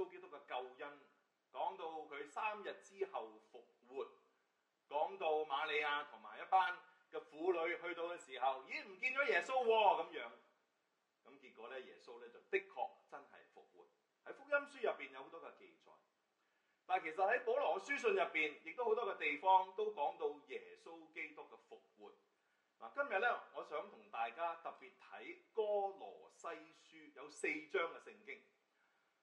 耶穌基督嘅救恩，講到佢三日之後復活，講到瑪利亞同埋一班嘅婦女去到嘅時候，已經唔見咗耶穌喎、哦、咁樣，咁結果咧耶穌咧就的確真係復活，喺福音書入邊有好多嘅記載，但其實喺保羅嘅書信入邊，亦都好多嘅地方都講到耶穌基督嘅復活。嗱，今日咧我想同大家特別睇哥羅西書有四章嘅聖經。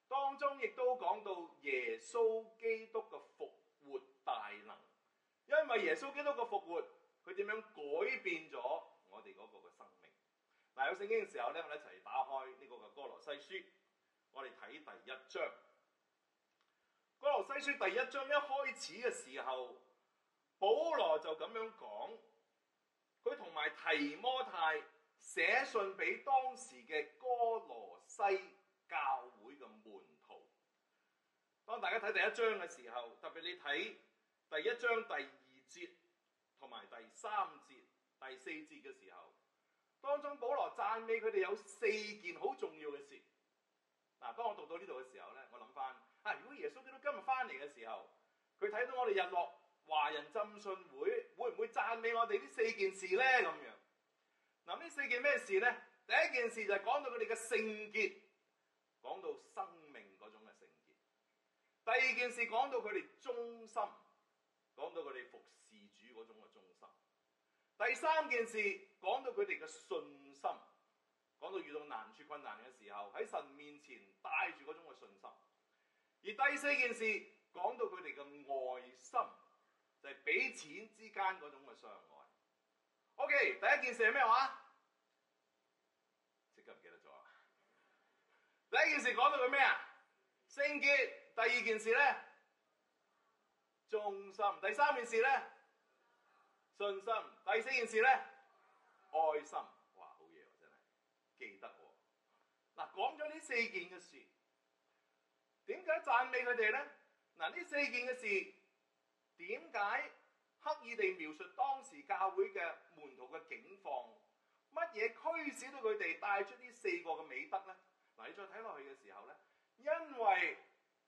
當中亦都講到耶穌基督嘅復活大能，因為耶穌基督嘅復活，佢點樣改變咗我哋個嘅生命？嗱，有聖經嘅時候咧，我哋一齊打開呢個嘅哥羅西書，我哋睇第一章。哥羅西書第一章一開始嘅時候，保羅就咁樣講，佢同埋提摩太寫信俾當時嘅哥羅西教。當大家睇第一章嘅時候，特別你睇第一章第二節同埋第三節第四節嘅時候，當中保羅讚美佢哋有四件好重要嘅事。嗱，當我讀到呢度嘅時候咧，我諗翻啊，如果耶穌基督今日翻嚟嘅時候，佢睇到我哋日落華人浸信會，會唔會讚美我哋呢四件事咧？咁樣嗱，呢四件咩事咧？第一件事就係講到佢哋嘅聖潔，講到生。第二件事講到佢哋忠心，講到佢哋服侍主嗰種嘅忠心。第三件事講到佢哋嘅信心，講到遇到難處困難嘅時候喺神面前帶住嗰種嘅信心。而第四件事講到佢哋嘅愛心，就係俾錢之間嗰種嘅相愛。OK，第一件事係咩話？即刻唔記得咗啊。第一件事講到佢咩啊？聖潔。第二件事咧，忠心；第三件事咧，信心；第四件事咧，愛心。哇！好嘢喎，真係記得喎。嗱，講咗呢四件嘅事，點解讚美佢哋咧？嗱，呢四件嘅事點解刻意地描述當時教會嘅門徒嘅境況？乜嘢驅使到佢哋帶出呢四個嘅美德咧？嗱，你再睇落去嘅時候咧，因為特別喺《哥羅西書》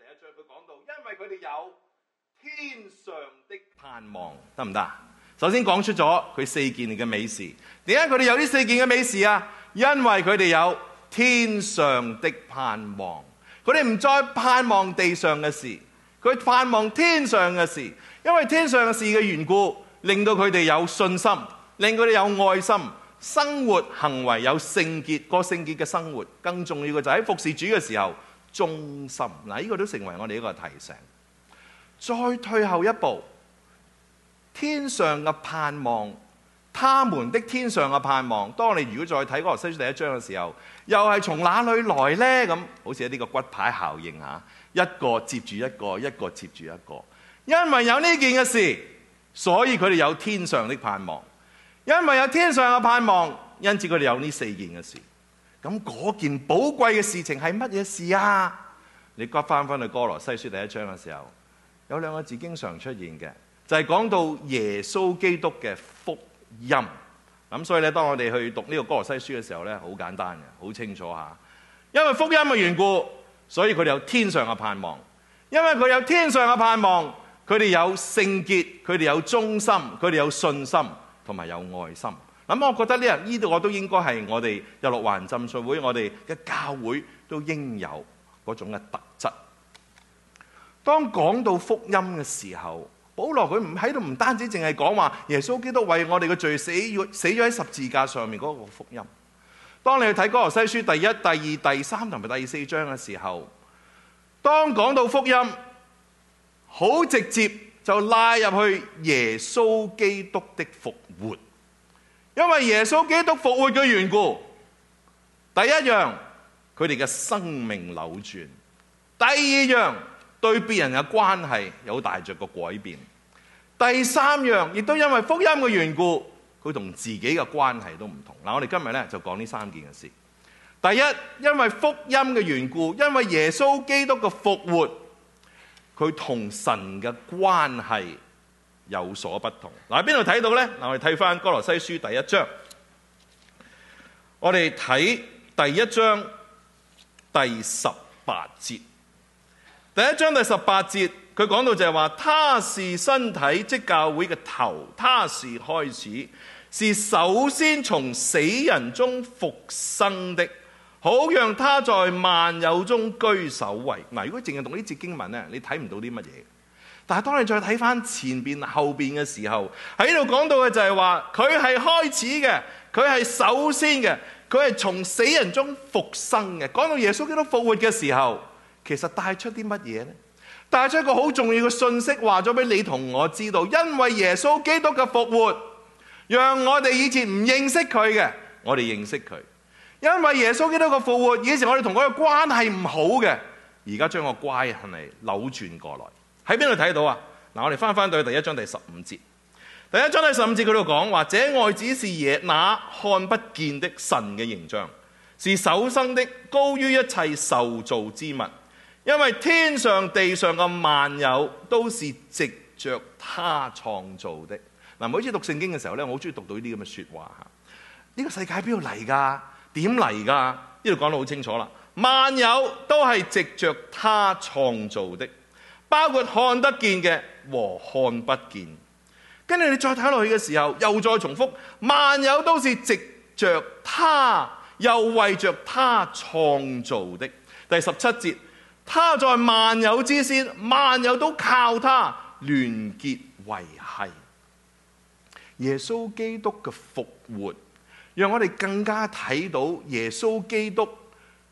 第一章，佢講到，因為佢哋有天上的盼望，得唔得？首先講出咗佢四件嘅美事。點解佢哋有呢四件嘅美事啊？因為佢哋有天上的盼望。佢哋唔再盼望地上嘅事，佢盼望天上嘅事。因為天上嘅事嘅緣故，令到佢哋有信心，令佢哋有愛心，生活行為有聖潔，過聖潔嘅生活。更重要嘅就喺服侍主嘅時候。忠心嗱，呢個都成為我哋一個提醒。再退後一步，天上嘅盼望，他們的天上嘅盼望。當你如果再睇《哥羅西書》第一章嘅時候，又係從哪裏來呢？咁好似呢個骨牌效應嚇，一個接住一個，一個接住一個。因為有呢件嘅事，所以佢哋有天上的盼望。因為有天上嘅盼望，因此佢哋有呢四件嘅事。咁嗰件寶貴嘅事情係乜嘢事啊？你翻翻去哥羅西書第一章嘅時候，有兩個字經常出現嘅，就係講到耶穌基督嘅福音。咁所以咧，當我哋去讀呢個哥羅西書嘅時候呢，好簡單嘅，好清楚下。因為福音嘅緣故，所以佢哋有天上嘅盼望。因為佢有天上嘅盼望，佢哋有聖潔，佢哋有忠心，佢哋有信心同埋有愛心。咁我覺得呢度我都應該係我哋日落環浸信會，我哋嘅教會都應有嗰種嘅特質。當講到福音嘅時候，保羅佢唔喺度，唔單止淨係講話耶穌基督為我哋嘅罪死咗喺十字架上面嗰個福音。當你去睇哥羅西書第一、第二、第三同埋第四章嘅時候，當講到福音，好直接就拉入去耶穌基督的復活。因為耶穌基督復活嘅緣故，第一樣，佢哋嘅生命扭轉；第二樣，對別人嘅關係有大着個改變；第三樣，亦都因為福音嘅緣故，佢同自己嘅關係都唔同。嗱，我哋今日咧就講呢三件事。第一，因為福音嘅緣故，因為耶穌基督嘅復活，佢同神嘅關係有所不同。嗱，邊度睇到呢？嗱，我哋睇翻《哥羅西書》第一章。我哋睇第一章第十八節。第一章第十八節，佢講到就係話，他是身體即教會嘅頭，他是開始，是首先從死人中復生的，好讓他在萬有中居首位。嗱，如果淨係讀呢節經文呢，你睇唔到啲乜嘢。但係當你再睇翻前邊後邊嘅時候，喺呢度講到嘅就係話佢係開始嘅，佢係首先嘅，佢係從死人中復生嘅。講到耶穌基督復活嘅時候，其實帶出啲乜嘢呢？帶出一個好重要嘅信息，話咗俾你同我知道。因為耶穌基督嘅復活，讓我哋以前唔認識佢嘅，我哋認識佢。因為耶穌基督嘅復活，以前我哋同佢嘅關係唔好嘅，而家將個關係扭轉過來。喺邊度睇到啊？嗱，我哋翻翻到去第一章第十五節。第一章第十五節佢度講，話，這愛子是耶那看不見的神嘅形象，是首生的，高於一切受造之物。因為天上地上嘅萬、這個、萬有都是藉着祂創造的。嗱，每次讀聖經嘅時候咧，我好中意讀到呢啲咁嘅說話吓。呢個世界邊度嚟噶？點嚟噶？呢度講得好清楚啦。萬有都係藉着祂創造的。包括看得見嘅和看不見，跟住，你再睇落去嘅時候，又再重複，萬有都是藉着他，又為着他創造的。第十七節，他在萬有之先，萬有都靠他聯結維繫。耶穌基督嘅復活，讓我哋更加睇到耶穌基督，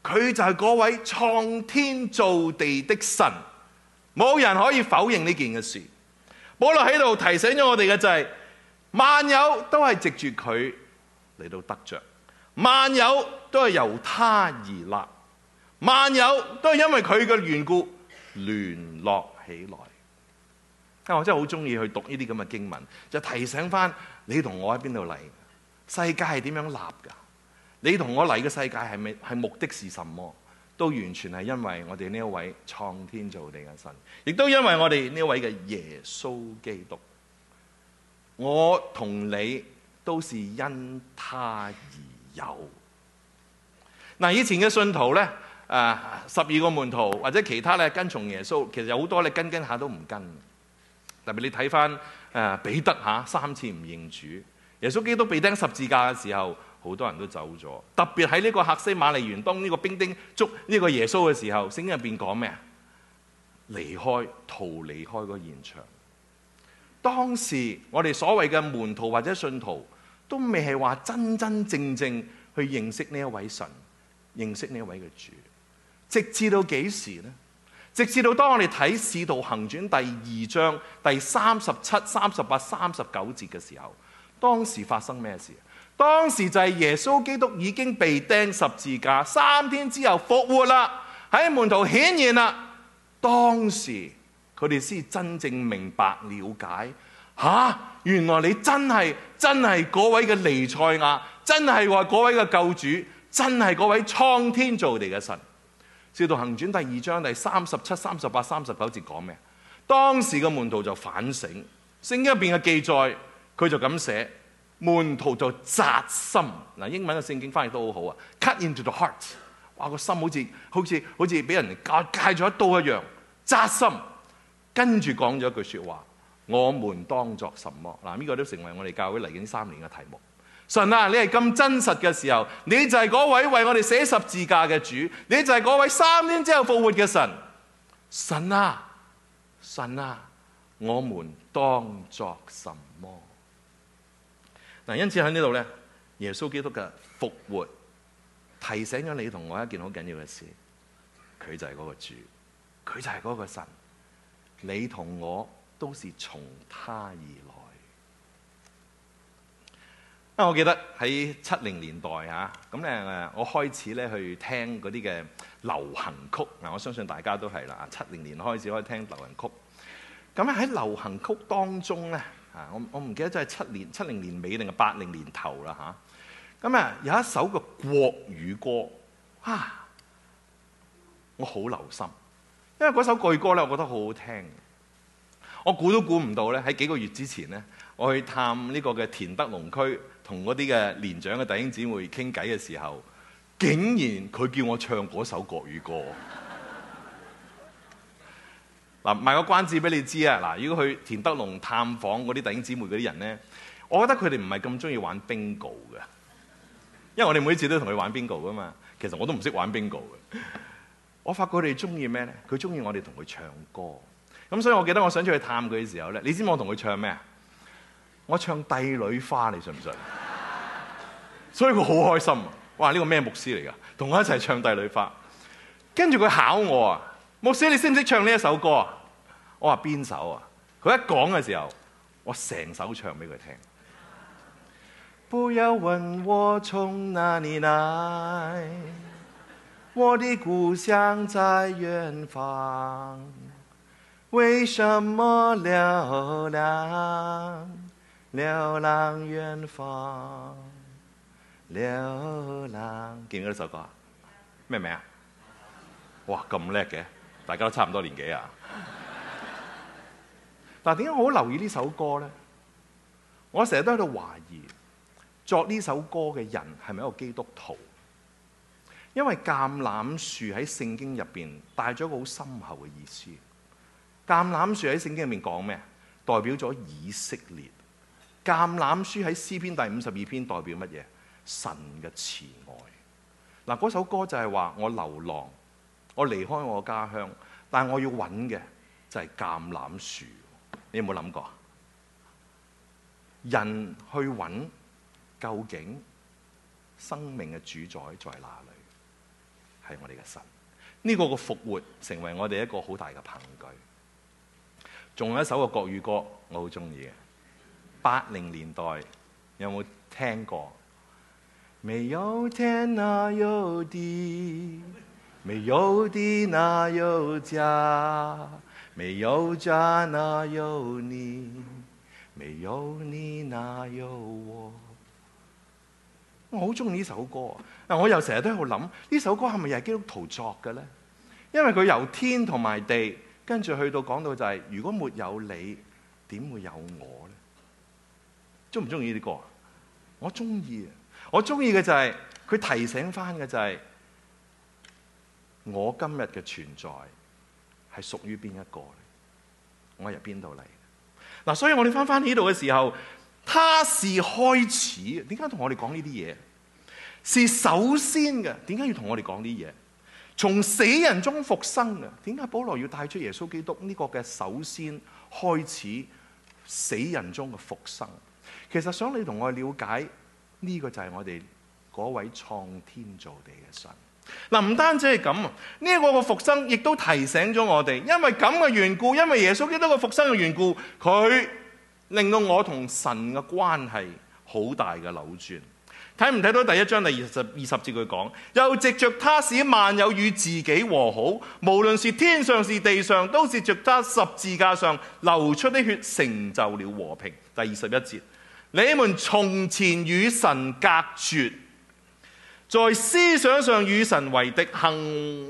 佢就係嗰位創天造地的神。冇人可以否認呢件嘅事。保羅喺度提醒咗我哋嘅就係、是、萬有都係藉住佢嚟到得着，萬有都係由他而立，萬有都係因為佢嘅緣故聯絡起來。我真係好中意去讀呢啲咁嘅經文，就提醒翻你同我喺邊度嚟，世界係點樣立嘅？你同我嚟嘅世界係咪？係目的是什麼？都完全係因為我哋呢一位創天造地嘅神，亦都因為我哋呢一位嘅耶穌基督，我同你都是因他而有。嗱，以前嘅信徒呢，誒、啊，十二個門徒或者其他咧跟從耶穌，其實有好多咧跟着跟下都唔跟。特別你睇返誒彼得吓、啊，三次唔認主，耶穌基督被釘十字架嘅時候。好多人都走咗，特別喺呢個客西馬尼園當呢個兵丁捉呢個耶穌嘅時候，聖經入邊講咩啊？離開，逃離開個現場。當時我哋所謂嘅門徒或者信徒都未係話真真正正去認識呢一位神，認識呢一位嘅主。直至到幾時呢？直至到當我哋睇《使徒行傳》第二章第三十七、三十八、三十九節嘅時候，當時發生咩事？當時就係耶穌基督已經被釘十字架，三天之後復活啦，喺門徒顯現啦。當時佢哋先真正明白了解，吓、啊，原來你真係真係嗰位嘅彌賽亞，真係話嗰位嘅救主，真係嗰位創天造地嘅神。《使徒行傳》第二章第三十七、三十八、三十九節講咩？當時嘅門徒就反省，聖經入邊嘅記載，佢就咁寫。門徒就扎心嗱，英文嘅聖經翻譯都好好啊，cut into the heart，哇個心好似好似好似俾人割割咗一刀一樣，扎心。跟住講咗一句説話：我們當作什麼？嗱，呢個都成為我哋教會嚟緊三年嘅題目。神啊，你係咁真實嘅時候，你就係嗰位為我哋寫十字架嘅主，你就係嗰位三年之後復活嘅神。神啊，神啊，我們當作什麼？因此喺呢度咧，耶穌基督嘅復活提醒咗你同我一件好緊要嘅事，佢就係嗰個主，佢就係嗰個神，你同我都係從他而來。啊，我記得喺七零年代嚇，咁咧我開始咧去聽嗰啲嘅流行曲。嗱，我相信大家都係啦，七零年開始可以聽流行曲。咁咧喺流行曲當中咧。我我唔記得咗係七年七零年尾定係八零年頭啦吓？咁啊有一首嘅國語歌啊，我好留心，因為嗰首國語歌咧，我覺得好好聽。我估都估唔到咧，喺幾個月之前咧，我去探呢個嘅田德隆區，同嗰啲嘅年長嘅弟兄姊妹傾偈嘅時候，竟然佢叫我唱嗰首國語歌。嗱，賣個關子俾你知啊！嗱，如果去田德龍探訪嗰啲弟兄姊妹嗰啲人咧，我覺得佢哋唔係咁中意玩 bingo 嘅，因為我哋每次都同佢玩 bingo 噶嘛。其實我都唔識玩 bingo 嘅，我發覺佢哋中意咩咧？佢中意我哋同佢唱歌。咁所以我記得我想出去探佢嘅時候咧，你知唔知我同佢唱咩啊？我唱《帝女花》，你信唔信？所以佢好開心啊！哇，呢個咩牧師嚟噶？同我一齊唱《帝女花》，跟住佢考我啊！牧師，你識唔識唱呢一首歌啊？我話邊首啊？佢一講嘅時候，我成首唱俾佢聽。不要問我從哪裡來，我的故鄉在遠方。為什麼流浪？流浪遠方，流浪。見到呢首歌，咩名啊？哇，咁叻嘅！大家都差唔多年紀啊！但係點解我好留意呢首歌呢？我成日都喺度懷疑作呢首歌嘅人係咪一個基督徒？因為橄欖樹喺聖經入邊帶咗一個好深厚嘅意思。橄欖樹喺聖經入面講咩？代表咗以色列。橄欖樹喺詩篇第五十二篇代表乜嘢？神嘅慈愛。嗱，嗰首歌就係話我流浪。我離開我家鄉，但我要揾嘅就係橄欖樹。你有冇諗過？人去揾究竟生命嘅主宰在哪裏？係我哋嘅神。呢個嘅復活成為我哋一個好大嘅憑據。仲有一首嘅國語歌，我好中意嘅，八零年代有冇聽過？沒有天哪，啊、有地？沒有地哪有家，沒有家哪有你，沒有你哪有我？我好中意呢首歌，啊。我又成日都喺度諗呢首歌係咪又係基督徒作嘅咧？因為佢由天同埋地，跟住去到講到就係、是，如果沒有你，點會有我咧？中唔中意呢啲歌啊？我中意，啊！我中意嘅就係、是、佢提醒翻嘅就係、是。我今日嘅存在係屬於邊一個？我由邊度嚟？嗱、啊，所以我哋翻翻呢度嘅時候，他是開始點解同我哋講呢啲嘢？是首先嘅，點解要同我哋講呢啲嘢？從死人中復生嘅，點解保羅要帶出耶穌基督呢個嘅首先開始死人中嘅復生？其實想你同我了解呢、這個就係我哋嗰位創天造地嘅神。嗱，唔、啊、單止係咁，呢、這、一個個復生亦都提醒咗我哋，因為咁嘅緣故，因為耶穌基督個復生嘅緣故，佢令到我同神嘅關係好大嘅扭轉。睇唔睇到第一章第二十二十節佢講，又藉着「他使萬有與自己和好，無論是天上是地上，都是藉他十字架上流出的血成就了和平。第二十一節，你們從前與神隔絕。在思想上與神為敵，行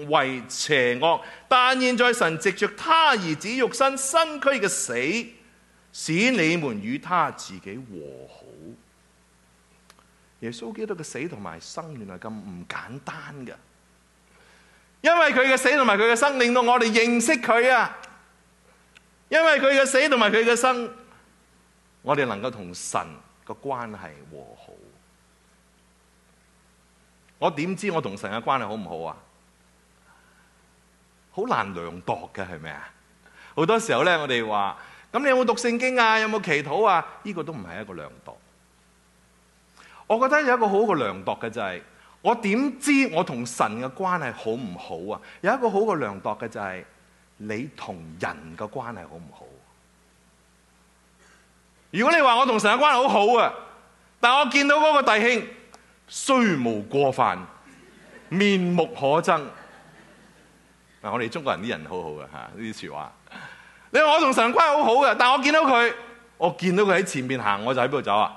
為邪惡。但現在神藉著他兒子肉身身軀嘅死，使你們與他自己和好。耶穌基督嘅死同埋生原來咁唔簡單㗎，因為佢嘅死同埋佢嘅生，令到我哋認識佢啊！因為佢嘅死同埋佢嘅生，我哋能夠同神嘅關係和好。我點知我同神嘅關係好唔好啊？好難量度嘅係咪啊？好多時候咧，我哋話咁，你有冇讀聖經啊？有冇祈禱啊？呢個都唔係一個量度。我覺得有一個好好嘅量度嘅就係，我點知我同神嘅關係好唔好啊？有一個好嘅量度嘅就係，你同人嘅關係好唔好？如果你話我同神嘅關係好好啊，但係我見到嗰個弟兄。雖無過犯，面目可憎。嗱， 我哋中國人啲人好好嘅，嚇，呢啲説話。你話我同神關係好好嘅，但我見到佢，我見到佢喺前面行，我就喺邊度走啊？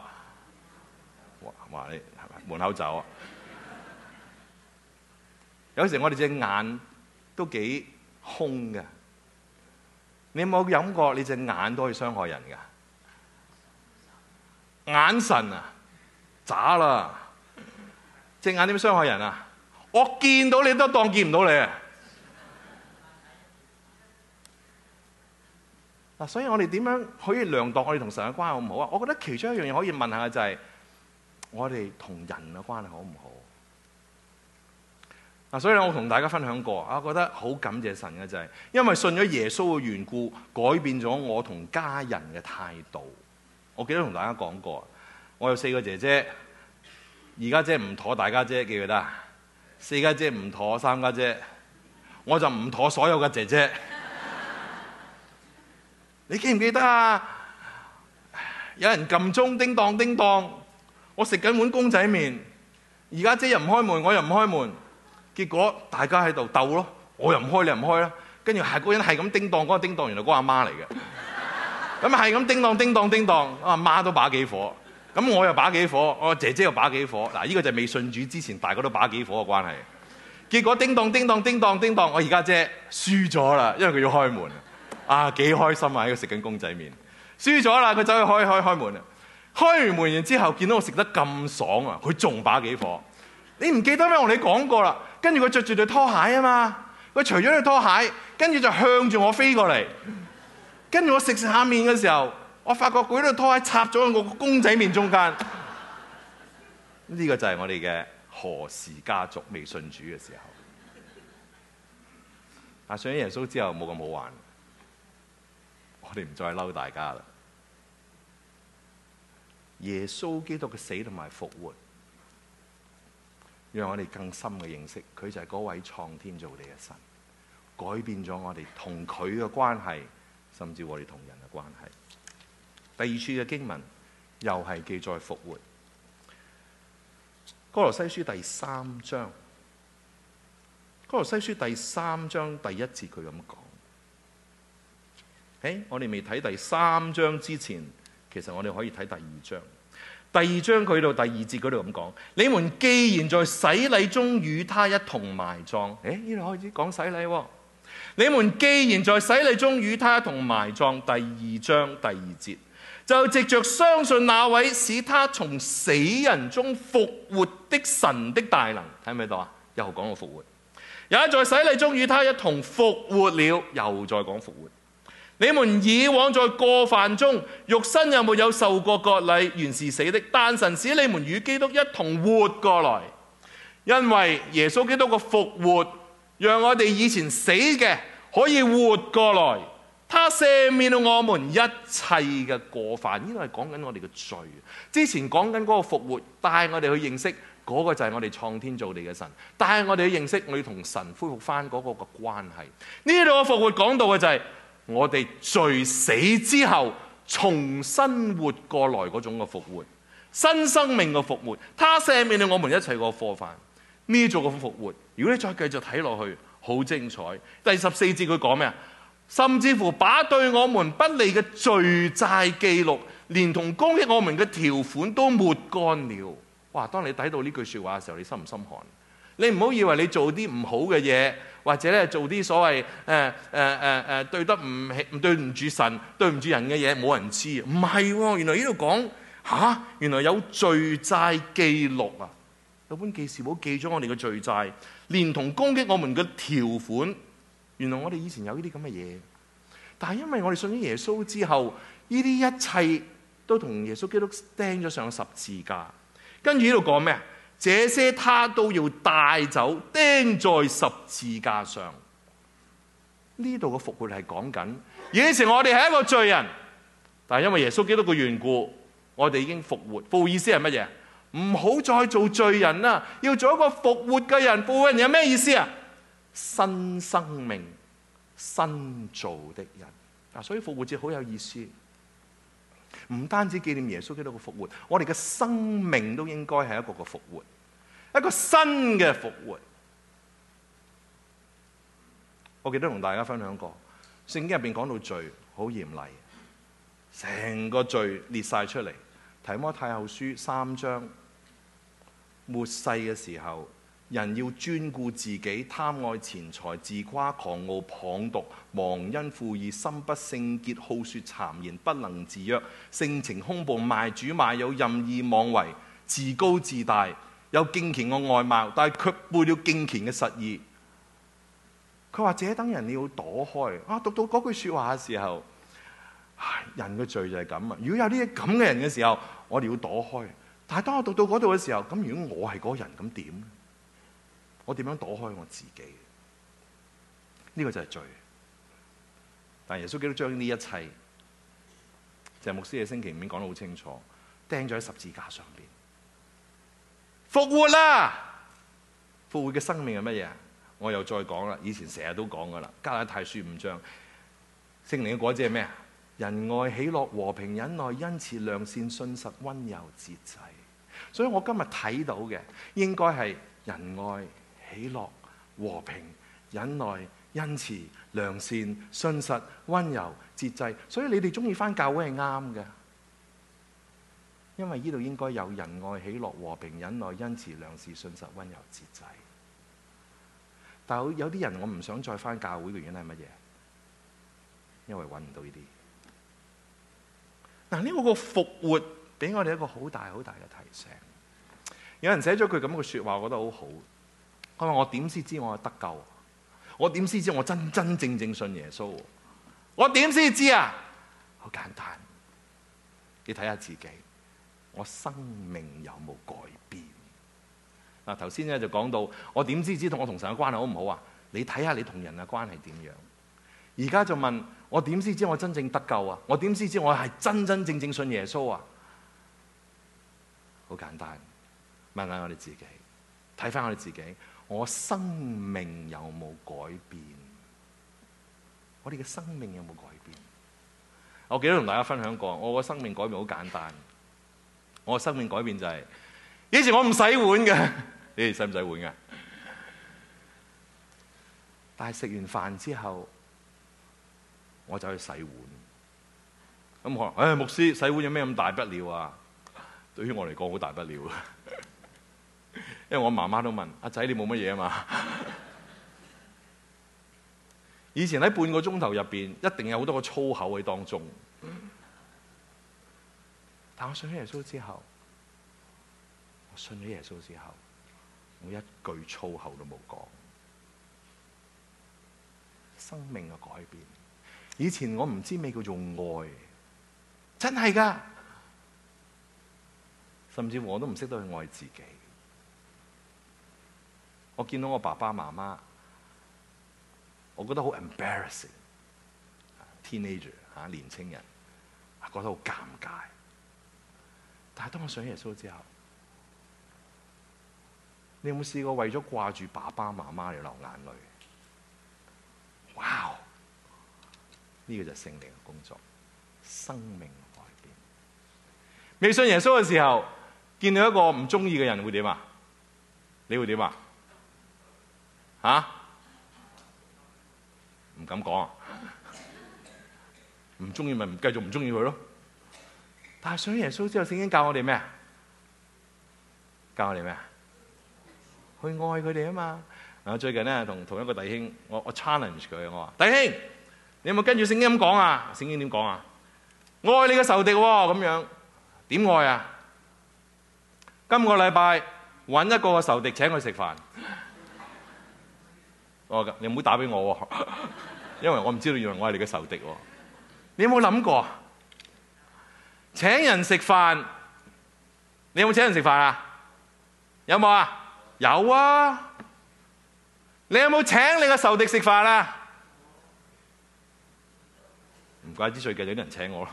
話你係咪門口走啊？ 有時我哋隻眼都幾兇嘅。你有冇諗過？你隻眼都可以傷害人嘅眼神啊，渣啦！正眼點樣傷害人啊？我見到你都當見唔到你啊！嗱， 所以我哋點樣可以量度我哋同神嘅關係好唔好啊？我覺得其中一樣嘢可以問下嘅就係，我哋同人嘅關係好唔好？嗱，所以我同大家分享過啊，我覺得好感謝神嘅就係，因為信咗耶穌嘅緣故，改變咗我同家人嘅態度。我記得同大家講過，我有四個姐姐。二家姐唔妥，大家姐記唔記得？四家姐唔妥，三家姐，我就唔妥所有嘅姐姐。 你記唔記得啊？有人撳鐘，叮當叮當，我食緊碗公仔麵。二家姐又唔開門，我又唔開門，結果大家喺度鬥咯，我又唔開，你又唔開啦。跟住係嗰人係咁叮當嗰、嗰個、叮當，原來嗰阿媽嚟嘅。咁啊， 係咁叮當叮當叮當，阿媽都把幾火。咁我又把幾火，我姐姐又把幾火。嗱，呢個就未信主之前大家都把幾火嘅關係。結果叮當叮當叮當叮當，我而家姐輸咗啦，因為佢要開門啊，幾開心啊喺度食緊公仔麵。輸咗啦，佢走去開開開門啦。開完門然之後，見到我食得咁爽啊，佢仲把幾火。你唔記得咩？我同你講過啦。跟住佢着住對拖鞋啊嘛，佢除咗對拖鞋，跟住就向住我飛過嚟。跟住我食下面嘅時候。我發覺舉到拖鞋插咗喺我個公仔麵中間，呢個就係我哋嘅何氏家族未信主嘅時候。但上咗耶穌之後冇咁好玩，我哋唔再嬲大家啦。耶穌基督嘅死同埋復活，讓我哋更深嘅認識，佢就係嗰位創天造地嘅神，改變咗我哋同佢嘅關係，甚至我哋同人嘅關係。第二處嘅經文又係記載復活。哥羅西書第三章，哥羅西書第三章第一節，佢咁講。誒，我哋未睇第三章之前，其實我哋可以睇第二章。第二章佢到第二節，嗰度咁講：你們既然在洗禮中與他一同埋葬，誒，呢度開始講洗禮哦。你們既然在洗禮中與他一同埋葬。第二章第二節。就藉着相信那位使他從死人中復活的神的大能，睇唔睇到啊？又講個復活，有也在洗禮中與他一同復活了，又再講復活。你們以往在過犯中，肉身有沒有受過割禮？原是死的，但神使你們與基督一同活過來，因為耶穌基督嘅復活，讓我哋以前死嘅可以活過來。他赦免了我們一切嘅過犯，呢個係講緊我哋嘅罪。之前講緊嗰個復活帶我哋去認識嗰、那個就係我哋創天造地嘅神，帶我哋去認識我要同神恢復翻嗰、那個嘅、那個、關係。呢度嘅復活講到嘅就係、是、我哋罪死之後重新活過來嗰種嘅復活，新生命嘅復活。他赦免了我們一切嘅過犯，呢度個復活。如果你再繼續睇落去，好精彩。第十四節佢講咩啊？甚至乎把對我們不利嘅罪債記錄，連同攻擊我們嘅條款都抹乾了。哇！當你睇到呢句說話嘅時候，你心唔心寒？你唔好以為你做啲唔好嘅嘢，或者咧做啲所謂誒誒誒誒對得唔對唔住神，對唔住人嘅嘢，冇人知啊！唔係，原來呢度講吓，啊，原來有罪債記錄啊！有本記事簿記咗我哋嘅罪債，連同攻擊我們嘅條款。原來我哋以前有呢啲咁嘅嘢，但係因為我哋信咗耶穌之後，呢啲一切都同耶穌基督釘咗上十字架。跟住呢度講咩？這些他都要帶走，釘在十字架上。呢度嘅復活係講緊以前我哋係一個罪人，但係因為耶穌基督嘅緣故，我哋已經復活。復活意思係乜嘢？唔好再做罪人啦，要做一個復活嘅人。復活人有咩意思啊？新生命、新造的人啊，所以復活節好有意思。唔單止紀念耶穌基督嘅復活，我哋嘅生命都應該係一個個復活，一個新嘅復活。我記得同大家分享過，聖經入邊講到罪好嚴厲，成個罪列晒出嚟。提摩太後書三章，末世嘅時候。人要專顧自己，貪愛錢財，自誇狂傲，謗讟，忘恩負義，心不聖潔，好説讒言，不能自約，性情兇暴，賣主賣友，任意妄為，自高自大，有敬虔嘅外貌，但係卻背了敬虔嘅實意。佢話：這等人你要躲開啊！讀到嗰句説話嘅時候，人嘅罪就係咁啊！如果有呢啲咁嘅人嘅時候，我哋要躲開。但係當我讀到嗰度嘅時候，咁如果我係嗰人，咁點？我點樣躲開我自己？呢、這個就係罪。但耶穌基督將呢一切，聖、就是、牧師嘅星期五講得好清楚，釘咗喺十字架上邊。復活啦！復活嘅生命係乜嘢？我又再講啦，以前成日都講噶啦，《加拉太書》五章。聖靈嘅果子係咩？仁愛、喜樂、和平、忍耐、恩慈、良善、信實、温柔、節制。所以我今日睇到嘅，應該係仁愛。喜樂、和平、忍耐、恩慈、良善、信實、溫柔、節制，所以你哋中意返教會係啱嘅，因為呢度應該有仁愛、喜樂、和平、忍耐、恩慈、良善、信實、溫柔、節制。但有啲人我唔想再返教會嘅原因係乜嘢？因為揾唔到呢啲。嗱，呢個個復活俾我哋一個好大好大嘅提醒。有人寫咗句咁嘅說話，我覺得好好。我點先知我係得救啊？我點先知我真真正正信耶穌？我點先知啊？好簡單，你睇下自己，我生命有冇改變？嗱，頭先咧就講到我點先知同我同神嘅關係好唔好啊？你睇下你同人嘅關係點樣？而家就問我點先知我真正得救啊？我點先知我係真真正正信耶穌啊？好簡單，問下我哋自己。睇返我哋自己，我生命有冇改變？我哋嘅生命有冇改變？我記得同大家分享過，我嘅生命改變好簡單。我嘅生命改變就係，以前我唔洗碗嘅，你哋洗唔洗碗嘅？但係食完飯之後，我就去洗碗。咁可能誒牧師洗碗有咩咁大不了啊？對於我嚟講好大不了。因為我媽媽都問，阿仔你冇乜嘢啊嘛？ 以前喺半個鐘頭入邊一定有好多個粗口喺當中，但我信咗耶穌之後，我信咗耶穌之後，我一句粗口都冇講。生命嘅改變。以前我唔知咩叫做愛，真係噶，甚至我都唔識得去愛自己。我見到我爸爸媽媽，我覺得好 embarrassing，teenager 吓，年輕人，覺得好尷尬。但係當我信耶穌之後，你有冇試過為咗掛住爸爸媽媽嚟流眼淚？哇！呢個就聖靈嘅工作，生命改變。未信耶穌嘅時候，見到一個唔中意嘅人會點啊？你會點啊？吓，唔敢講啊！唔中意咪唔繼續唔中意佢咯。但係信耶穌之後，聖經教我哋咩？教我哋咩？去愛佢哋啊嘛！啊，最近呢，同同一個弟兄，我我 challenge 佢，我話：弟兄，你有冇跟住聖經咁講啊？聖經點講啊？愛你嘅仇敵喎，咁樣，點愛啊？今個禮拜揾一個仇敵，請佢食飯。你唔好打俾我喎，因為我唔知道原來我係你嘅仇敵。你有冇諗過請人食飯？你有冇請人食飯啊？有冇啊？有啊。你有冇請你嘅仇敵食飯啊？唔怪之，最近有人請我咯。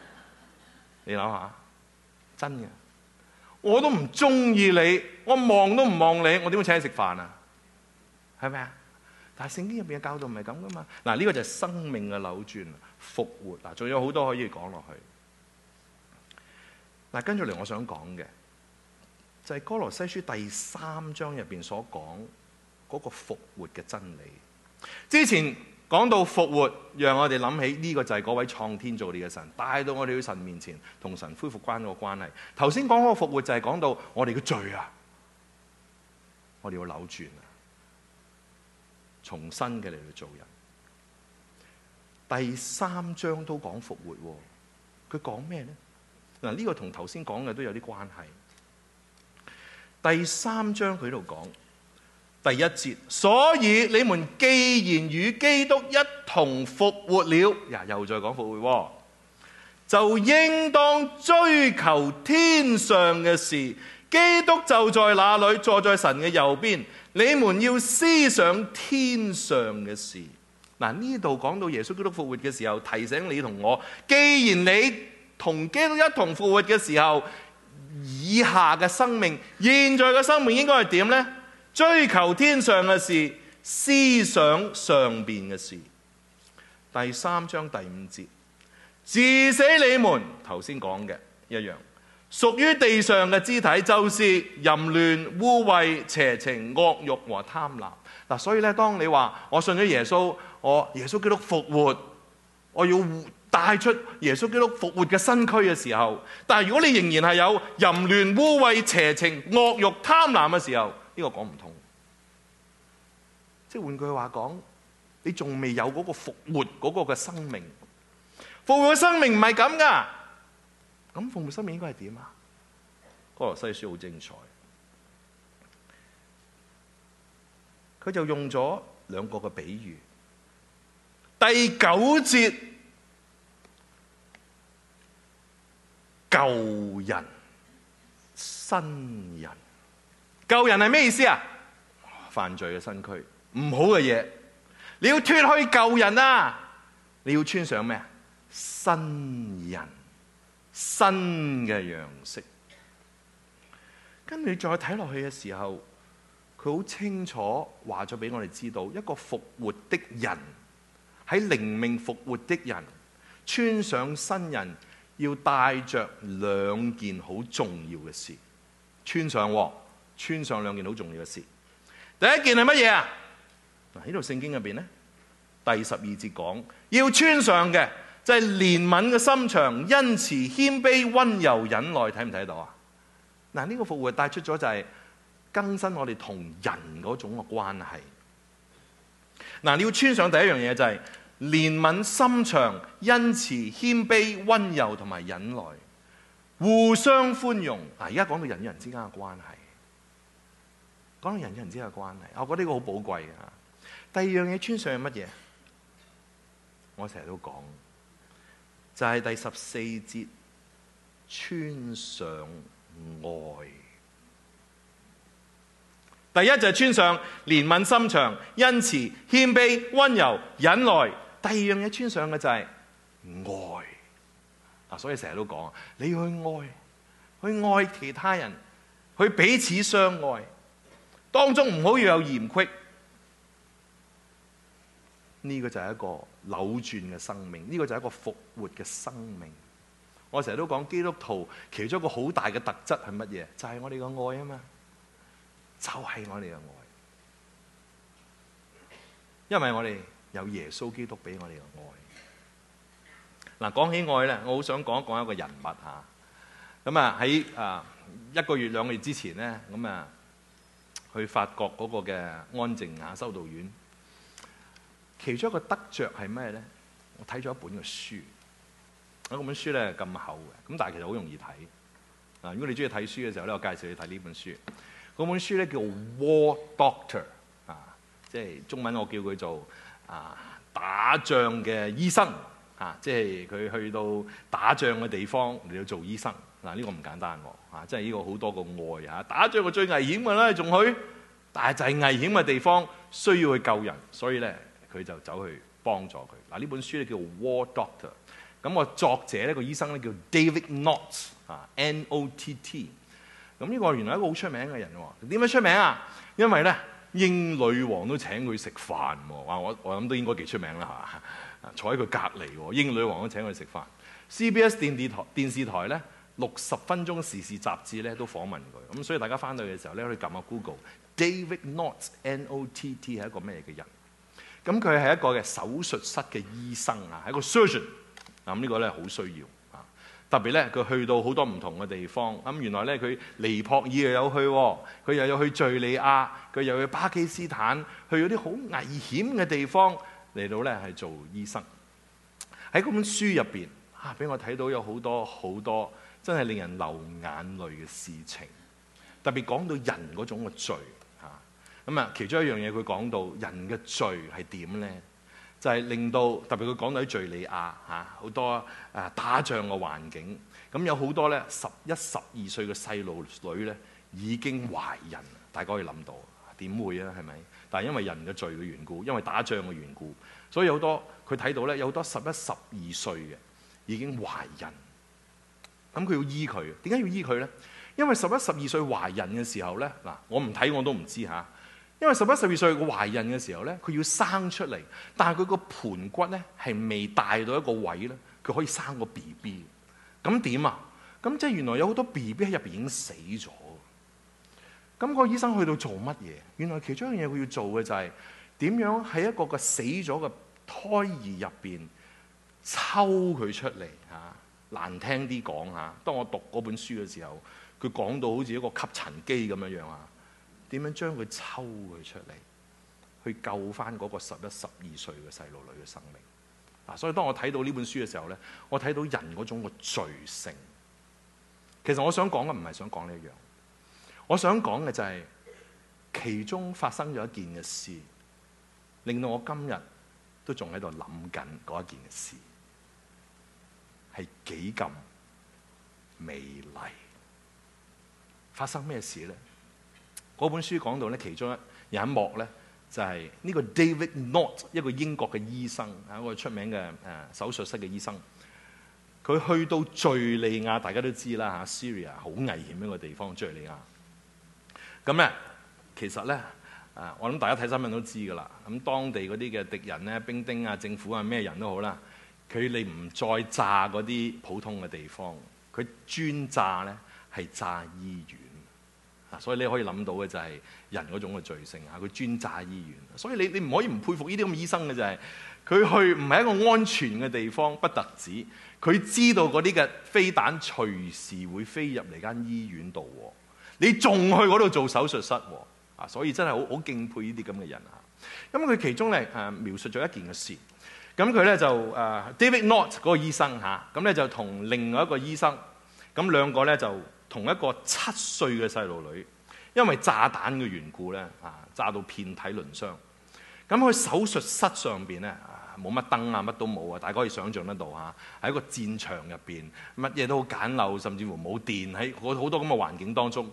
你諗下，真嘅，我都唔中意你，我望都唔望你，我點會請你食飯啊？係咪啊？但係聖經入邊嘅教導唔係咁噶嘛？嗱，呢個就係生命嘅扭轉、復活。嗱，仲有好多可以講落去。嗱，跟住嚟我想講嘅就係《哥羅西書》第三章入邊所講嗰個復活嘅真理。之前講到復活，讓我哋諗起呢個就係嗰位創天造地嘅神，帶到我哋去神面前，同神恢復關個關係。頭先講嗰個復活就係講到我哋嘅罪啊，我哋要扭轉啊。重新嘅嚟，去做人。第三章都講復活、哦，佢講咩呢？嗱，呢個同頭先講嘅都有啲關係。第三章佢度講第一節，所以你們既然與基督一同復活了，呀又再講復活、哦，就應當追求天上嘅事。基督就在那裏，坐在神嘅右邊。你們要思想天上嘅事。嗱，呢度講到耶穌基督復活嘅時候，提醒你同我，既然你同基督一同復活嘅時候，以下嘅生命，現在嘅生命應該係點呢？追求天上嘅事，思想上邊嘅事。第三章第五節，治死你們頭先講嘅一樣。屬於地上嘅肢體就是淫亂、污穢、邪情、惡欲和貪婪。啊，所以呢，當你話我信咗耶穌，我耶穌基督復活，我要帶出耶穌基督復活嘅身軀嘅時候，但如果你仍然係有淫亂、污穢、邪情、惡欲、貪婪嘅時候，呢、這個講唔通。即係換句話講，你仲未有嗰個復活嗰個嘅生命。復活嘅生命唔係咁噶。咁奉命生命應該係點啊？《哥羅西書》好精彩，佢就用咗兩個嘅比喻。第九節，舊人、新人，舊人係咩意思啊？犯罪嘅身軀，唔好嘅嘢，你要脫去舊人啊！你要穿上咩啊？新人。新嘅樣式，跟住再睇落去嘅時候，佢好清楚話咗俾我哋知道，一個復活的人喺靈命復活的人，穿上新人，要帶着兩件好重要嘅事，穿上，穿上兩件好重要嘅事。第一件係乜嘢啊？喺度聖經入邊呢，第十二節講要穿上嘅。就係憐憫嘅心腸，恩慈、謙卑、溫柔、忍耐，睇唔睇到啊？嗱，呢個復活帶出咗就係更新我哋同人嗰種嘅關係。嗱，你要穿上第一樣嘢就係憐憫心腸、恩慈謙卑、溫柔同埋忍耐，互相寬容。嗱，而家講到人與人之間嘅關係，講到人與人之間嘅關係，我覺得呢個好寶貴嘅。第二樣嘢穿上係乜嘢？我成日都講。就係第十四節，穿上愛。第一就係穿上憐憫心腸、因此謙卑、溫柔、忍耐。第二樣嘢穿上嘅就係、是、愛。啊，所以成日都講，你要去愛，去愛其他人，去彼此相愛，當中唔好要有嚴苛。呢個就係一個扭轉嘅生命，呢個就係一個復活嘅生命。我成日都講基督徒其中一個好大嘅特質係乜嘢？就係我哋嘅愛啊嘛，就係我哋嘅愛，因為我哋有耶穌基督俾我哋嘅愛。嗱，講起愛咧，我好想講一講一個人物吓。咁啊喺啊一個月兩個月之前呢，咁啊去法國嗰個嘅安靜雅修道院。其中一個得着係咩咧？我睇咗一本嘅書，嗰本書咧咁厚嘅，咁但係其實好容易睇啊。如果你中意睇書嘅時候，我介紹你睇呢本書。嗰本書咧叫《War Doctor》，啊，即係中文我叫佢做啊打仗嘅醫生，啊，即係佢去到打仗嘅地方嚟到做醫生嗱。呢、啊呢個唔簡單喎，啊，真係呢個好多個愛啊。打仗個最危險嘅啦，仲去，但係就係危險嘅地方需要去救人，所以咧。佢就走去幫助佢，嗱，呢本書咧叫 War Doctor，咁個作者呢、呢個醫生咧叫 David Nott 啊 N O T T，咁呢個原來一個好出名嘅人喎，點樣出名啊？因為呢，英女王都請佢食飯喎，哇！我我諗都應該幾出名啦嚇，坐喺佢隔離，英女王都請佢食飯，CBS 電電視台電視台呢，六十分鐘時事雜誌呢都訪問佢，咁所以大家翻到嘅時候呢，可以撳下 Google，David Nott N O T T 係一個咩嘅人？咁佢係一個嘅手術室嘅醫生啊，係一個 surgeon。嗱，咁呢個咧好需要啊，特別咧佢去到好多唔同嘅地方。咁原來咧佢尼泊爾又有去，佢又有去敍利亞，佢又有巴基斯坦，去到啲好危險嘅地方嚟到咧係做醫生。喺嗰本書入邊啊，俾我睇到有好多好多真係令人流眼淚嘅事情，特別講到人嗰種嘅罪嚇。啊咁啊，其中一樣嘢佢講到人嘅罪係點呢？就係令到特別佢講到喺敍利亞嚇好多誒打仗嘅環境，咁有好多呢，十一十二歲嘅細路女呢已經懷孕，大家可以諗到點會啊？係咪？但係因為人嘅罪嘅緣故，因為打仗嘅緣故，所以好多佢睇到呢，有好多十一十二歲嘅已經懷孕，咁佢要醫佢，點解要醫佢呢？因為十一十二歲懷孕嘅時候呢，嗱，我唔睇我都唔知嚇。因為十一、十二歲個懷孕嘅時候呢，佢要生出嚟，但係佢個盆骨呢，係未大到一個位呢，佢可以生個 B B。咁點啊？咁即係原來有好多 B B 喺入邊已經死咗。咁個醫生去到做乜嘢？原來其中一樣嘢佢要做嘅就係、是、點樣喺一個個死咗嘅胎兒入邊抽佢出嚟吓、啊。難聽啲講吓，當我讀嗰本書嘅時候，佢講到好似一個吸塵機咁樣樣啊。點樣將佢抽佢出嚟，去救翻嗰個十一、十二歲嘅細路女嘅生命嗱、啊？所以當我睇到呢本書嘅時候咧，我睇到人嗰種個罪性。其實我想講嘅唔係想講呢一樣，我想講嘅就係、係、其中發生咗一件嘅事，令到我今日都仲喺度諗緊嗰一件嘅事，係幾咁美麗。發生咩事咧？嗰本書講到咧，其中一幕咧就係、是、呢個 David Nott 一個英國嘅醫生，一個出名嘅誒手術室嘅醫生。佢去到敍利亞，大家都知啦嚇、啊，Syria 好危險一個地方。敍利亞咁咧，其實咧啊，我諗大家睇新聞都知噶啦。咁當地嗰啲嘅敵人咧、兵丁啊、政府啊咩人都好啦，佢哋唔再炸嗰啲普通嘅地方，佢專炸咧係炸醫院。所以你可以諗到嘅就係人嗰種嘅罪性啊！佢專炸醫院，所以你你唔可以唔佩服呢啲咁嘅醫生嘅就係佢去唔係一個安全嘅地方，不特止佢知道嗰啲嘅飛彈隨時會飛入嚟間醫院度，你仲去嗰度做手術室啊！所以真係好好敬佩呢啲咁嘅人啊！咁佢其中咧誒描述咗一件嘅事，咁佢咧就誒、啊、David Nott 嗰個醫生嚇，咁、啊、咧就同另外一個醫生，咁兩個咧就。同一個七歲嘅細路女，因為炸彈嘅緣故呢，啊，炸到遍體鱗傷。咁喺手術室上邊咧，冇乜燈啊，乜都冇啊。大家可以想象得到啊，喺一個戰場入邊，乜嘢都好簡陋，甚至乎冇電。喺好多咁嘅環境當中，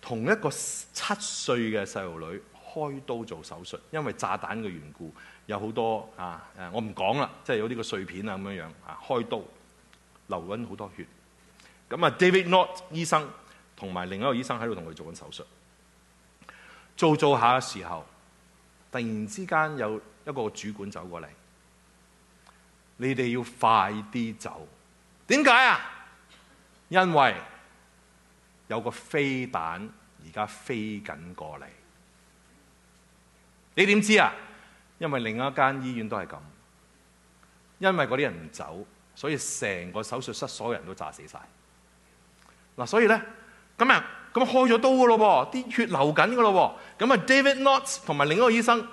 同一個七歲嘅細路女開刀做手術，因為炸彈嘅緣故，有好多啊，誒，我唔講啦，即係有呢個碎片啊咁樣樣啊，開刀流緊好多血。咁啊，David Nott 醫生同埋另一個醫生喺度同佢做緊手術，做做下嘅時候，突然之間有一個主管走過嚟，你哋要快啲走，點解啊？因為有個飛彈而家飛緊過嚟，你點知啊？因為另一間醫院都係咁，因為嗰啲人唔走，所以成個手術室所有人都炸死晒。嗱，所以咧，咁啊，咁開咗刀噶咯，啲血流緊噶咯，咁啊，David Nott 同埋另一個醫生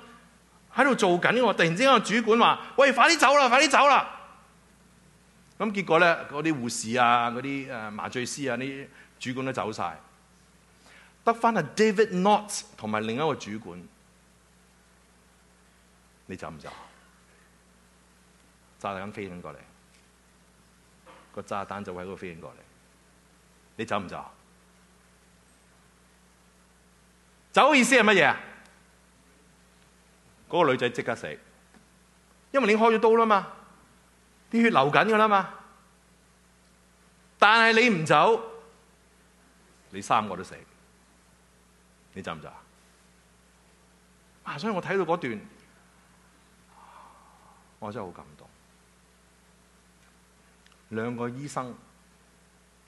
喺度做緊喎。突然之間，個主管話，喂，快啲走啦，快啲走啦！咁結果咧，嗰啲護士啊，嗰啲誒麻醉師啊，啲主管都走晒，得翻啊 David Nott 同埋另一個主管。你走唔走？炸彈飛緊過嚟，個炸彈就喺度飛緊過嚟。你走唔走？走意思係乜嘢？嗰個女仔即刻死，因為你開咗刀啦嘛，啲血流緊噶啦嘛。但係你唔走，你三個都死。你走唔走啊？所以我睇到嗰段，我真係好感動。兩個醫生。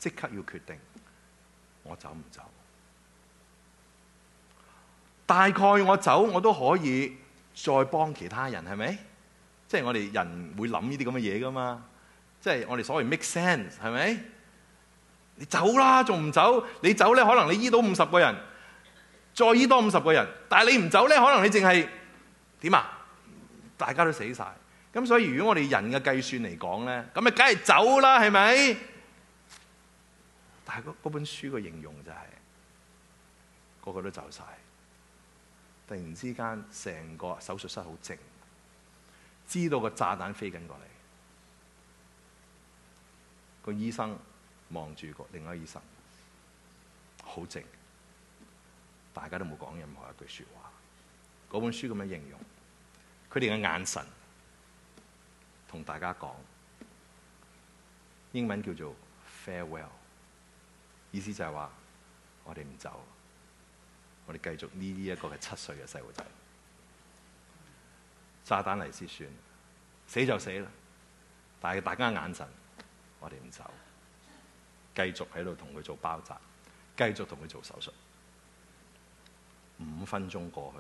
即刻要決定，我走唔走？大概我走，我都可以再幫其他人，係咪？即係我哋人會諗呢啲咁嘅嘢噶嘛？即係我哋所謂 make sense，係咪？你走啦，仲唔走？你走呢，可能你醫到五十個人，再醫多五十個人。但係你唔走呢，可能你淨係點啊？大家都死晒。咁所以，如果我哋人嘅計算嚟講呢，咁咪梗係走啦，係咪？但係嗰本書個形容就係、是、個個都走晒，突然之間成個手術室好靜，知道個炸彈飛緊過嚟。個醫生望住個另外一個醫生，好靜，大家都冇講任何一句説話。嗰本書咁樣形容，佢哋嘅眼神同大家講英文叫做 farewell。意思就係話，我哋唔走，我哋繼續呢呢一個係七歲嘅細路仔，炸彈嚟先算，死就死啦。但係大家眼神，我哋唔走，繼續喺度同佢做包紮，繼續同佢做手術。五分鐘過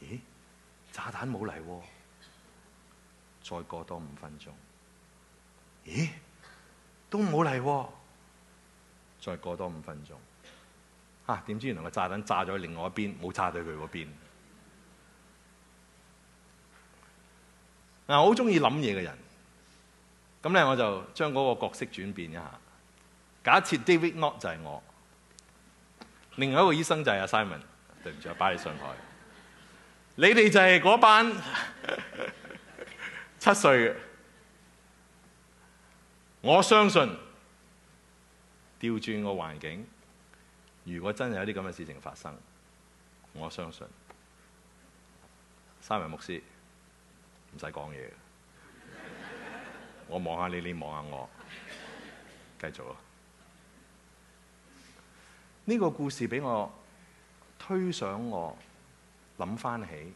去，咦？炸彈冇嚟喎，再過多五分鐘，咦？都冇嚟喎。再過多五分鐘，嚇、啊、點知原來個炸彈炸咗另外一邊，冇炸到佢嗰邊。好中意諗嘢嘅人，咁咧我就將嗰個角色轉變一下。假設 David Nott 就係我，另外一個醫生就係阿 Simon，對唔住，擺你上枱， 你哋就係嗰班 七歲嘅。我相信。調轉個環境，如果真係有啲咁嘅事情發生，我相信三位牧師唔使講嘢。 我望下你，你望下我，繼續咯。呢個故事俾我推想，我諗翻起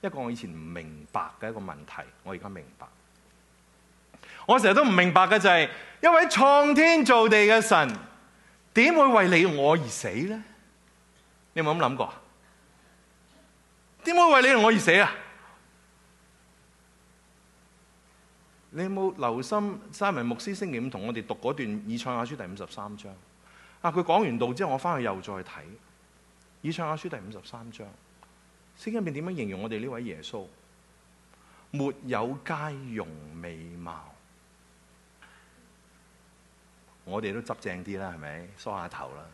一個我以前唔明白嘅一個問題，我而家明白。我成日都唔明白嘅就係、是，一位創天造地嘅神，點會為你我而死咧？你有冇咁諗過啊？點會為你我而死啊？你有冇留心三文牧師星期五同我哋讀嗰段以賽亞書第五十三章啊？佢講完道之後，我翻去又再睇以賽亞書第五十三章，聖經入邊點樣形容我哋呢位耶穌？沒有佳容美貌。我哋都執正啲啦，係咪梳下頭啦？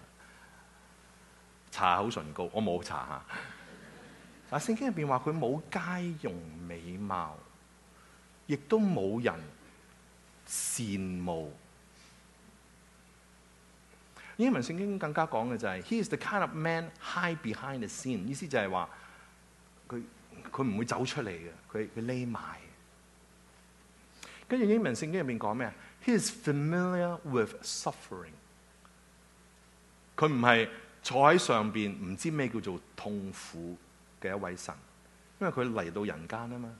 搽口唇膏，我冇搽下。啊，聖經入邊話佢冇佳容美貌，亦都冇人羨慕。英文聖經更加講嘅就係，He is the kind of man hide behind the scene，意思就係話佢佢唔會走出嚟嘅，佢佢匿埋。跟住英文聖經入邊講咩啊？He is familiar with suffering。佢唔係坐喺上邊唔知咩叫做痛苦嘅一位神，因為佢嚟到人間啊嘛。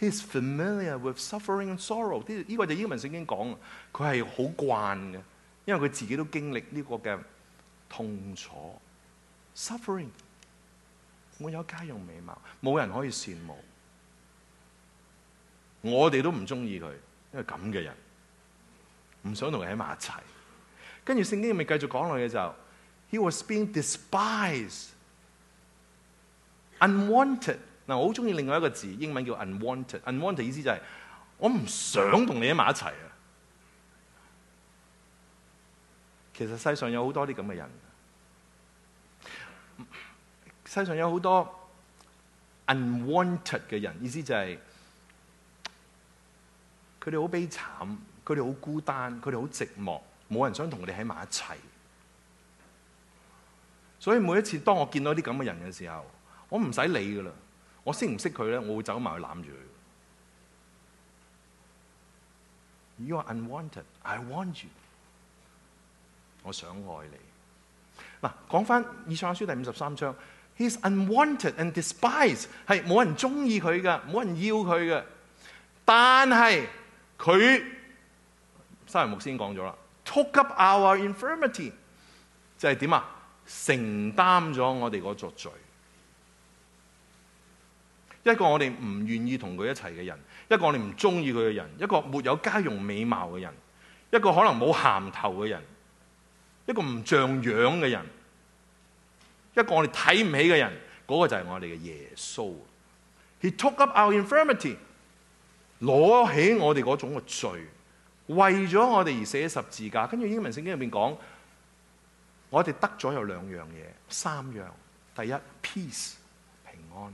He is familiar with suffering and sorrow。呢呢個就英文聖經講，佢係好慣嘅，因為佢自己都經歷呢個嘅痛楚。Suffering，冇有家用美貌，冇人可以羨慕。我哋都唔中意佢，因為咁嘅人。唔想同佢喺埋一齊，跟住聖經咪繼續講落去嘅時候，He was being despised, unwanted。嗱 un，我好中意另外一個字，英文叫 unwanted。unwanted un 意思就係、是、我唔想同你喺埋一齊啊。其實世上有好多啲咁嘅人，世上有好多 unwanted 嘅人，意思就係佢哋好悲慘。佢哋好孤單，佢哋好寂寞，冇人想同佢哋喺埋一齊。所以每一次當我見到啲咁嘅人嘅時候，我唔使理噶啦。我認認識唔識佢咧？我會走埋去攬住佢。You are unwanted. I want you。我想愛你嗱。講翻以賽亞書第五十三章，He's unwanted and despised 係冇人中意佢噶，冇人要佢嘅。但係佢。三日目先講咗啦，took up our infirmity 就係點啊？承擔咗我哋嗰座罪。一個我哋唔願意同佢一齊嘅人，一個我哋唔中意佢嘅人，一個沒有家用美貌嘅人，一個可能冇銜頭嘅人，一個唔像樣嘅人，一個我哋睇唔起嘅人，嗰、嗰個就係我哋嘅耶穌。He took up our infirmity，攞起我哋嗰種嘅罪。為咗我哋而寫十字架，跟住《英文聖經》入邊講，我哋得咗有兩樣嘢，三樣。第一，peace 平安；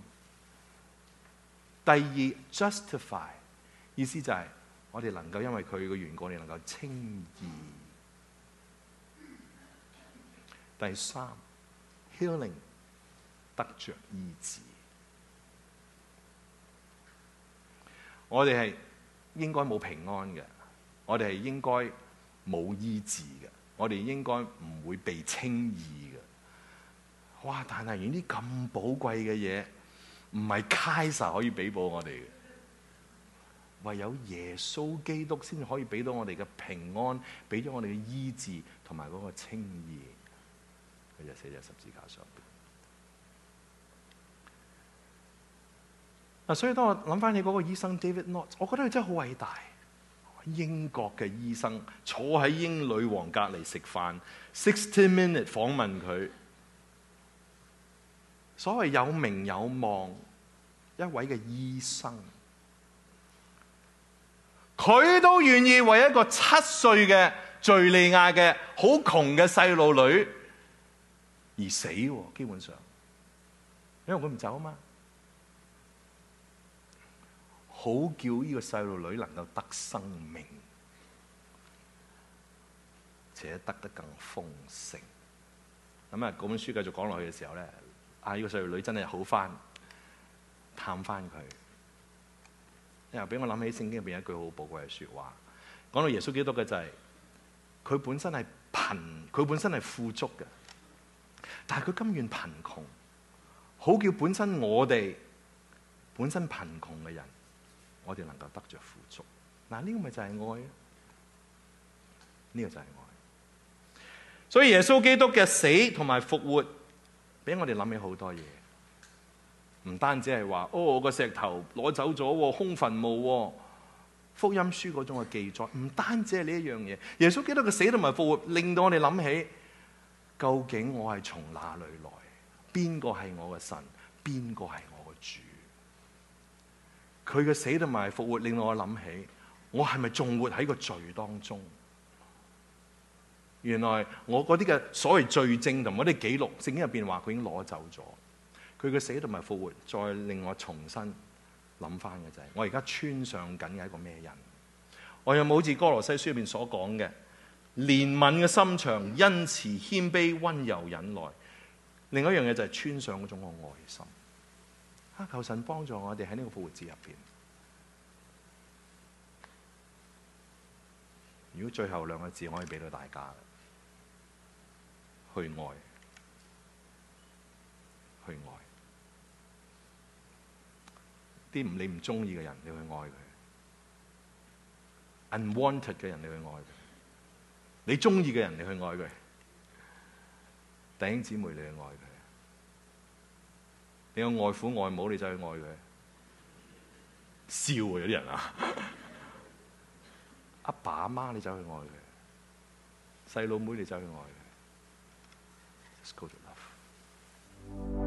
第二，justify 意思就係我哋能夠因為佢嘅緣故，你能夠稱義。第三，healing 得着醫治。我哋係應該冇平安嘅。我哋係應該冇醫治嘅，我哋應該唔會被稱義嘅。哇！但係原來啲咁寶貴嘅嘢，唔係凱撒可以俾補我哋嘅，唯有耶穌基督先至可以俾到我哋嘅平安，俾咗我哋嘅醫治同埋嗰個稱義，佢就寫咗十字架上邊。嗱，所以當我諗翻你嗰個醫生 David Nott 我覺得佢真係好偉大。英國嘅醫生坐喺英女王隔離食飯 sixty minute 訪問佢。所謂有名有望一位嘅醫生，佢都願意為一個七歲嘅敍利亞嘅好窮嘅細路女而死，基本上，因為佢唔走嘛。好叫呢個細路女能夠得生命，且得得更豐盛。咁啊，嗰本書繼續講落去嘅時候咧，啊呢個細路女真係好翻，探翻佢，又俾我諗起聖經入邊一句好寶貴嘅說話，講到耶穌基督嘅，就係佢本身係貧，佢本身係富足嘅，但係佢甘願貧窮，好叫本身我哋本身貧窮嘅人。我哋能夠得着富足，嗱，呢個咪就係愛咯，呢個就係愛，呢個就係愛。所以耶穌基督嘅死同埋復活，俾我哋諗起好多嘢。唔單止係話哦個石頭攞走咗，空墳墓，福音書嗰種嘅記載，唔單止係呢一樣嘢。耶穌基督嘅死同埋復活，令到我哋諗起，究竟我係從哪裏來？邊個係我嘅神？邊個係我嘅主？佢嘅死同埋復活令我諗起，我係咪仲活喺個罪當中？原來我嗰啲嘅所謂罪證同我啲記錄，聖經入邊話佢已經攞走咗。佢嘅死同埋復活，再令我重新諗翻，嘅就係，我而家穿上緊嘅一個咩人？我又冇似哥羅西書入邊所講嘅憐憫嘅心腸、恩慈、謙卑、溫柔、忍耐。另一樣嘢就係穿上嗰種嘅愛心。啊！求神幫助我哋喺呢個復活節入邊。如果最後兩個字可以俾到大家，去愛，去愛。啲唔你唔中意嘅人，你去愛佢；unwanted 嘅人，你去愛佢。你中意嘅人，你去愛佢。弟兄姊妹，你去愛佢。你有外父外母，你就去愛佢；笑啊！有啲人啊，阿 爸阿媽，你就去愛佢；細佬妹，你就去愛佢。